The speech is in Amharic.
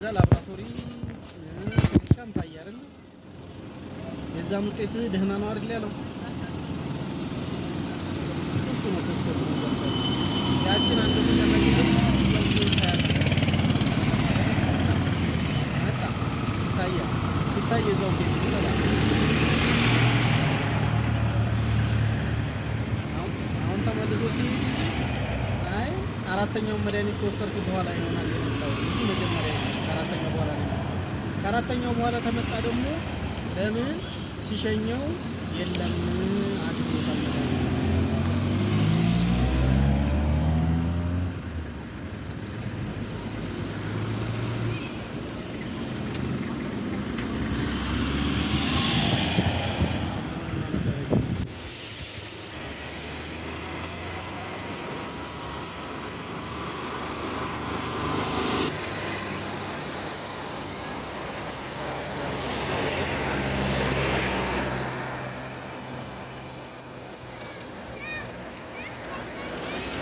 እዛ ላብራቶሪ ስካም ታየ አይደል? የዛም ውጤት ደህና ነው አይደል ያለው። እሱ ነው ተስተው ያችን አንተ ተመልሰህ አሁን ተመልሶ አይ አራተኛውን መድኃኒት ከወሰድኩ በኋላ ይሆናል ከአራተኛው በኋላ ተመጣ ደግሞ ለምን ሲሸኘው የለም